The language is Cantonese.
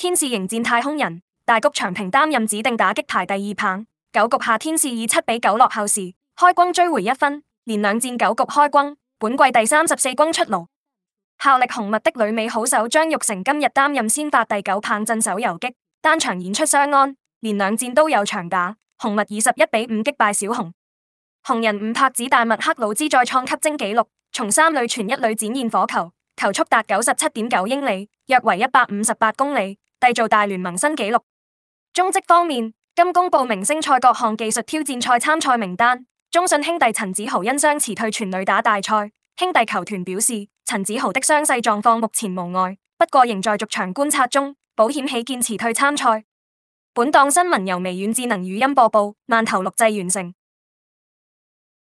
天使迎戰太空人，大谷長平擔任指定打擊排第二棒。九局下天使以七比九落後時，開轟追回一分，連兩戰九局開轟，本季第三十四轟出爐。效力紅襪的女美好手張玉成今日擔任先發第九棒，鎮守游擊，單場演出雙安，連兩戰都有長打。紅襪以十一比五擊敗小熊。紅人五拍子大物克魯茲再創吸睛紀錄，從三壘傳一壘展現火球，球速達九十七點九英里，約為一百五十八公里。締造大聯盟新紀錄。中職方面，今公布明星賽各項技術挑戰賽參賽名單。中信兄弟陳子豪因傷辭退全壘打大賽，兄弟球團表示，陳子豪的傷勢狀況目前無礙，不過仍在逐場觀察中，保險起見辭退參賽。本檔新聞由微軟智能語音播報，慢頭錄製完成。